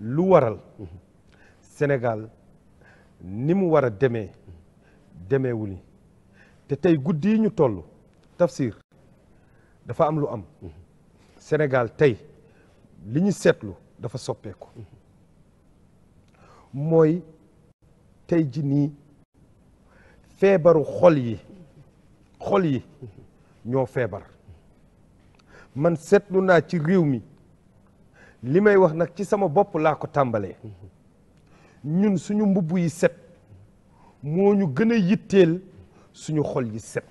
lu waral Sénégal ni mu war a demee demeewul ni te tey guddi yi ñu toll tafsir dafa am lu am Sénégal tey li ñu seetlu dafa soppeeku mooy tey ji nii feebaru xol yi xol yi ñoo feebar man seetlu naa ci réew mi limay wax nak ci sama bop la ko tambalé ñun suñu mbubu yi set moñu gëna yittel suñu xol yi set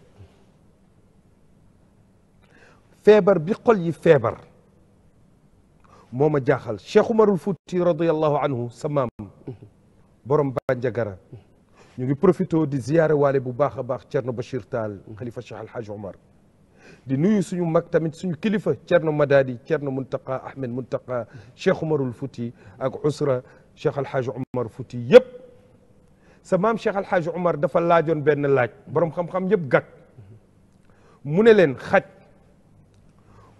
febar bi xol yi febar moma jaxal cheikh Cheikh al futti radiyallahu anhu samam maam borom Bandiagara ñu ngi profito di ziaré walé bu baaxa baax Thierno bashir tal khalifa Cheikh al Alhaj Omar di nuyu suñu mag tamit suñu kilifa cierno Madadi cierno Muntaka Ahmed Muntaka Cheikh Umarul futi ak usra Cheikh Alhaji Omar futi yeb sa mam Cheikh Alhaji Omar dafa lajone ben laaj borom xam-xam yeb gàtt mune len leen xaj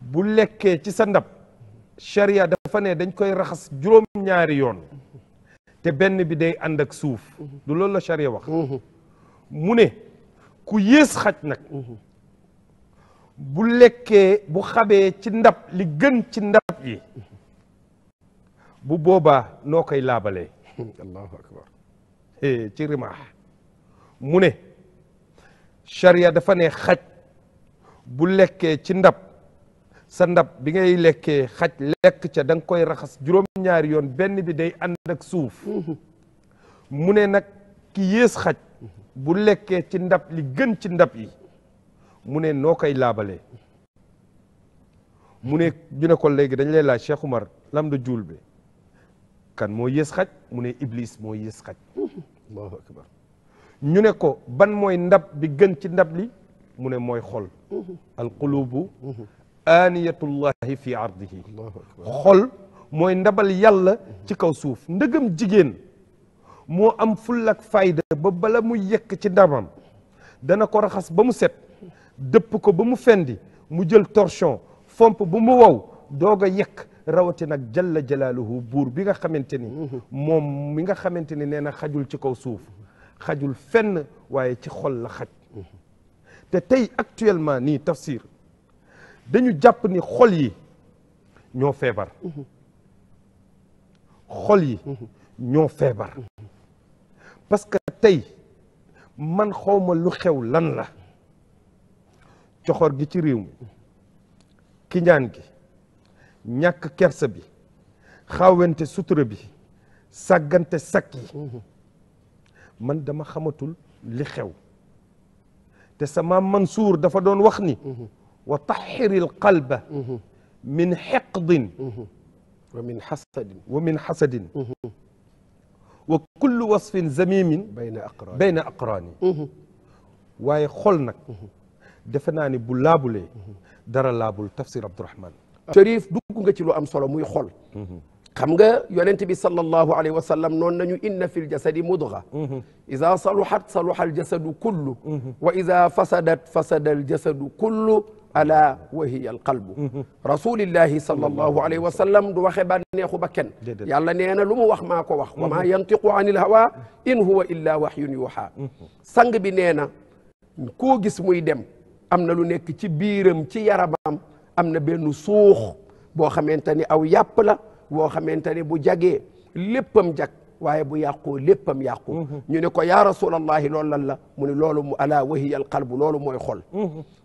bu lekke ci sa ndab sharia dafa ne dañ koy raxas juróom-ñaari yoon te ben bi day ànd ak suuf du loolu la charia wax mune ku yes xaj nak bu lekkee bu xabee ci ndab li gën ci ndab yi bu boobaa noo koy laabalee allahu ci rimaax mu ne charia dafa ne xaj bu lekkee ci ndab sa ndab bi ngay lekkee xaj lekk ca da koy raxas juróom-ñaari yoon benn bi day ànd ak suuf mu ne nag ki yées xaj bu lekkee ci ndab li gën ci ndab yi mu ne noo koy laabalee mu ne ñu ne ko léegi dañ lay laaj Cheikh Umar lam da juul bi kan moo yées xaj mu ne Iblis moo yées xaj ñu ne ko ban mooy ndab bi gën ci ndab li mu ne mooy xol alqulubu aaniyatullahi fi ardihi xol mooy ndabal yàlla ci kaw suuf ndëgam jigéen moo am fullak fayda ba bala mu yekk ci ndabam dana ko raxas ba mu set dëpp ko ba mu fendi mu jël torchon fomp bu mu wow doog a yekk rawatina ak jalla jalaaluhu buur bi nga xamante ni mhm. moom mi nga xamante ni nee na xajul ci kaw suuf xajul fenn waaye ci xol la xaj mhm. te tey actuellement nii tafsir dañu jàpp ni xol yi ñoo feebar mhm. xol yi ñoo feebar parce que tey man xawma lu xew lan la coxor gi ci réew mi kiñaan gi ñàkk kersa bi xawente sutura bi sàggante sakk yi man dama xamatul li xew te sama Mansour dafa doon wax ni wa taxiril qalba min xeqdin wa min xasadin wa min xasadin wa kullu wasfin zamimin bayna aqraani waaye xol nag defe naa ni bu laabulee dara laabul tafsir Abdourahman Cherif dugg nga ci lu am solo muy xol xam nga yonent bi sallallahu alayhi wa sallam noonu nañu inna fil ljasadi mudga ida saluhat saluha aljasadu kullu wa ida fasadat fasada aljasadu kullu ala wa hiya alqalbu rasulillahi sallallahu alayhi wa sallam du waxe bànneexu ba kenn yàlla nee na lu mu wax maa wax wa maa yantiqu an ilhawa in huwa illa waxyun yuha sang bi nee na koo gis muy dem am na lu nekk ci biiram ci yaramam am na benn suux boo xamante ni aw yàpp la boo xamante ni bu jagee léppam jag waaye bu yàqoo léppam yàqu mhm. ñu ne ko yaa rasulallahi loolu lan la mu ne loolu mu ala wahiya alqalbu loolu mooy xol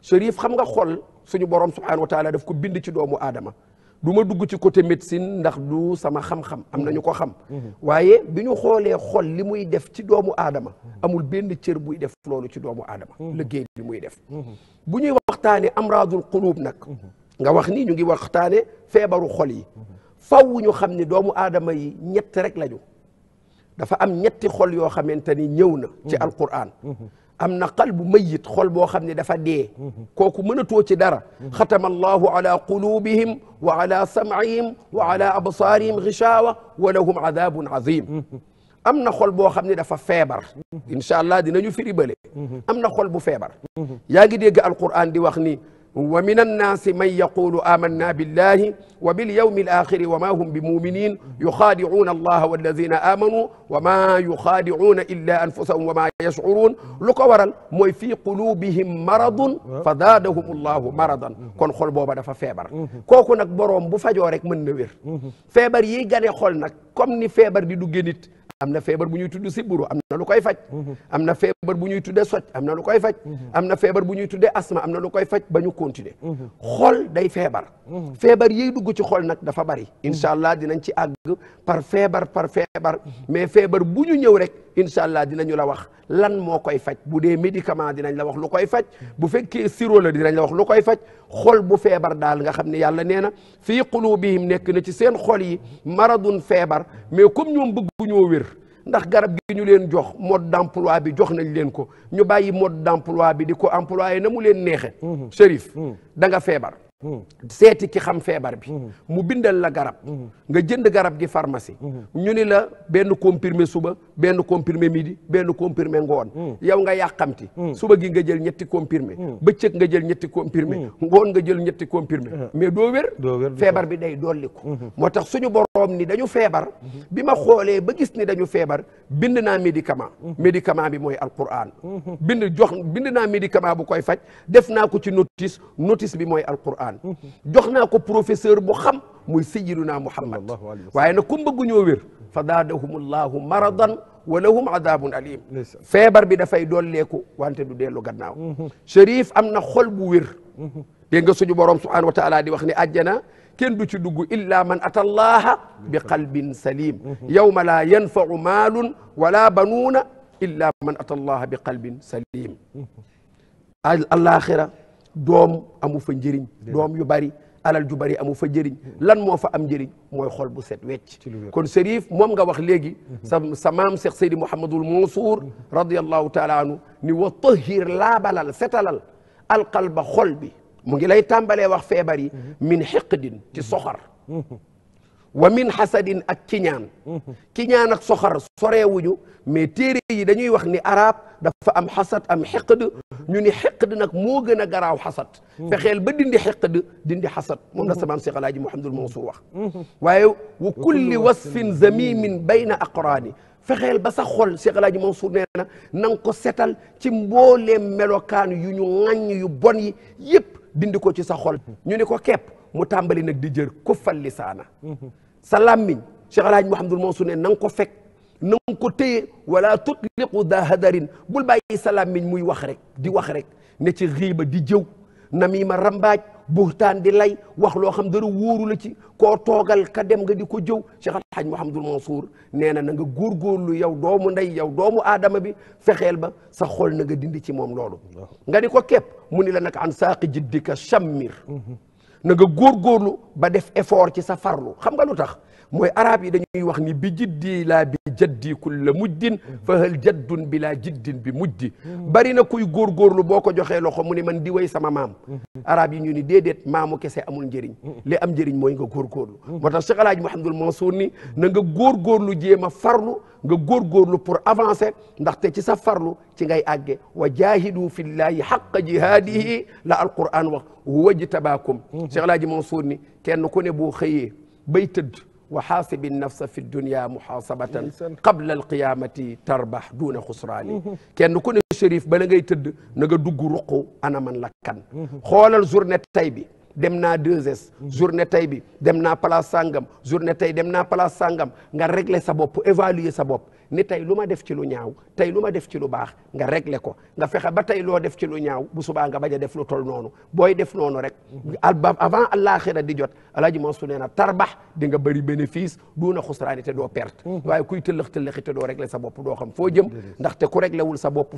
Cherif mhm. xam nga xol suñu borom subhanahu wa taala daf ko bind ci doomu aadama duma dugg ci côté médecine ndax du sama xam-xam am na ñu ko xam waye biñu xolé xol li muy def ci doomu adama amul benn cër buy def lolu ci doomu aadama liggéey bi muy def buñuy waxtane amradul qulub nak nga wax ni ñu ngi waxtane febaru xol yi faw ñu xam ni doomu adama yi ñett rek lañu dafa am ñetti xol yo xamanteni ñewna ci alquran امنا قلب ميت خلب وخمن دفا دي كوكو منو توتي دارا ختم الله على قلوبهم وعلى سمعهم وعلى ابصارهم غشاوه ولهم عذاب عظيم امنا خلب وخمن دفا فيبر ان شاء الله دي نيو فيري بالي امنا خلب فيبر ياغي ديغ القران دي واخني ومن الناس من يقول آمنا بالله وباليوم الآخر وما هم بمؤمنين يخادعون الله والذين آمنوا وما يخادعون إلا أنفسهم وما يشعرون لك ورل موي في قلوبهم مرض فزادهم الله مرضا كون خول بوبا دا فيبر كوكو نك بروم بو فاجو من نوير فيبر يي غاني خول نك كوم ني فيبر دي دوغي am na feebar bu ñuy tudd siburu am na lu koy faj mhm. am na feebar bu ñuy tudde soj am na lu koy faj mhm. am na feebar bu ñuy tudde asma am na lu koy faj ba ñu continuer mhm. xol day feebar feebar yiy dugg ci xol nag dafa bari incha allah dinañ ci àgg par feebar par feebar mais feebar bu ñu ñëw rek incha allah dinañu la wax lan moo koy faj bu dee médicament dinañ la wax lu koy faj bu fekkee sirop la dinañ la wax lu koy faj xol bu feebar daal nga xam ne yàlla nee na fii qulubihim nekk na ci seen xol yi maradun feebar mais comme ñoom bëgguñoo wér ndax garab gi ñu leen jox mode d'emploi bi jox nañ leen ko ñu bàyyi mode d'emploi bi di ko employé na mu leen neexe Chérif da nga feebar seeti ki xam feebar bi hmm. mu bindal la garab hmm. nga jënd garab gi pharmacie hmm. ñu ni la benn comprimé suba benn comprimé di benn comprimé ngoon yow nga yàqamti suba gi nga jël ñetti comprimé bëccëg nga jël ñetti comprimé ngoon nga jël ñetti comprimé mais doo wér feebar bi day dolliku moo tax suñu boroom ni dañu feebar bi ma xoolee ba gis ni dañu feebar bind naa médicament médicament bi mooy al alquran bind jox bind naa médicament bu koy faj def naa ko ci notice notice bi mooy alquran alquran jox naa ko professeur bu xam muy sayyiduna muhammad waaye nag kum bëggu ñoo wér fa zaadahum allahu maradan wa lahum adabun alim feebar bi dafay dolleeku wante du dellu gannaaw Cherif am na xol bu wér dégg nga suñu borom subhanahu wa taala di wax ne àjjana kenn du ci dugg illa man ata allaha bi qalbin salim yawma la yanfau maalun wala banuuna illa man ata allaha bi qalbin salim al alaxira doom amu fa njëriñ doom yu bari alal ju bari amu fa jeriñ lan mo fa am jeriñ moy xol bu set wetch kon Serif mom nga wax legi sa mam Cheikh Seydi Mouhamadul Mansour radiallahu taala anu ni wa tahir balal setalal al qalb xol bi mu ngi lay tambale wax febar yi min hiqdin ci soxar ومن حسد اك كينيان كينيان اك سخر سوري ووجو مي تيري داني واخ ني عرب دا فا ام حسد ام حقد ني ني حقد نك مو غنا غراو حسد فخيل با ديندي حقد ديندي حسد مون دا سمام محمد المنصور واخ وايو وكل وصف زميم بين اقراني فخيل با سخول شيخ الحاج منصور نانا نانكو سيتال تي مبوله ملوكان يو ني غاني يو بون يي ييب دينديكو تي سخول ني ني كو كيب mu tambali nak di jeur ko fal lisana sa làmmiñ Cheikh El Hadj Mouhamadul Mansour ne na nga ko fekk na nga ko téye wala tutliqu da hadarin bul bàyyi sa làmmiñ muy wax rek di wax rek ne ci xiiba di jëw namima rambaaj buxtaan di lay wax loo xam dara wóoru la ci koo toogal ka dem nga di ko jëw Cheikh El Hadj Mouhamadul Mansour nee na na nga góorgóorlu yow doomu ndey yow doomu aadama bi fexeel ba sa xol na nga dindi ci moom loolu nga di ko képp mu ni la nag an saaqi jiddika chammir na nga góorgóorlu ba def effort ci sa farlu xam nga lu tax mooy araab yi dañuy wax ni bi jiddi laa bi jaddi kulla mujdin fa hal jaddun bi laa jiddin bi mujdi bari na kuy góorgóorlu boo ko joxee loxo mu ni man di way sama maam arab yi ñu ni déedéet maamu kese amul njëriñ li am njëriñ mooy nga góorgóorlu moo tax Cheikh Alaaji Mouhamadul Mansour ni na nga góorgóorlu jéem a farlu nga gor gor lu pour avancer ndax te ci sa farlu ci ngay àgge wajahidu fillahi haqq jihadihi la alquran wax wajtabaakum Cheikh Alaaji Mansour ni kenn ku ne boo xeye bay teud wa hasib an-nafs fi dunia muxaasabatan qabla alqiyamati tarbah dun khusran ken ku ne shérif bala ngay teud na nga dugg ruqu ana man lakkan kan journée tay bi dem naa 2S journée tey bi dem naa place sangam journée tey dem naa place sangam nga regle sa bopp évaluer sa bopp ni tey lu ma def ci lu ñaaw tey lu ma def ci lu baax nga régler ko nga fexe ba tey loo def ci lu ñaaw bu subaa nga a def lu tol noonu booy def noonu rek alba avant àllaaxira di jot alaaji Mansour nee na tarbax di nga bëri bénéfice duuna xusraani te doo perte waaye kuy tëllëx tëllëxi te doo régler sa bopp doo xam foo jëm ndaxte ku réglewul sa bopp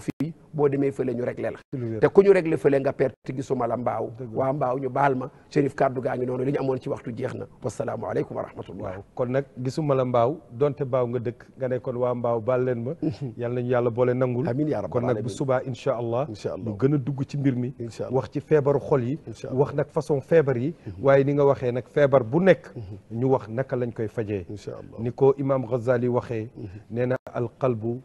boo demee fële ñu réglé la te ku ñu réglé fële nga perte gisuma la mbaaw waa mbaaw ñu baal ma Chérif kaddu gaa ngi noonu li amoon ci waxtu jeex na wasalaamu aleykum wa rahmatullah waaw kon nag gisuma la mbaaw donte baaw nga dëkk nga ne waa mbaaw baal leen ma yàlla nañu yàlla boole nangul amiin yaa rabbal alamin kon nag bu subaa incha allah ñu a dugg ci mbir mi wax ci feebaru xol yi wax nag façon feebar yi mm-hmm. waaye ni nga waxee nag feebar bu nekk mm-hmm. ñu wax naka lañ koy fajee ni ko imam Ghazali waxee mm-hmm. nee na alqalbu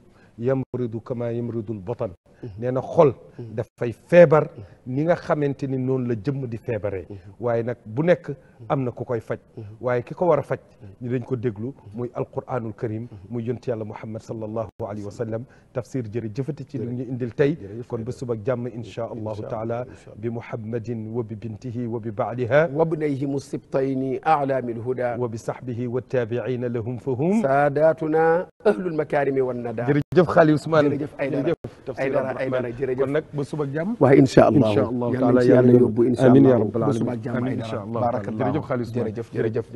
يمرض كما يمرض البطن نانا خول دا فاي فيبر نيغا خامتيني نون لا جيم دي فيبره واي نك بو نيك امنا كوكاي فاج واي كيكو ورا فاج ني دنجكو ديغلو موي القران الكريم موي يونت يالا محمد صلى الله عليه وسلم تفسير جيري جفتي تي ني انديل تاي كون بسوبك جام ان شاء الله تعالى بمحمد وببنته وببعلها وابنيه مصبتين اعلى من الهدى وبصحبه والتابعين لهم فهم ساداتنا اهل المكارم والندى jërëjëf Xaali Ousmane jërëjëf Aydara Aydara jërëjëf kon nag ba suba ak jàmm waaw incha allah incha allah taala yàlla yóbbu incha allah ba suba ak jàmm Aydara barakallah jërëjëf Xaali Ousmane jërëjëf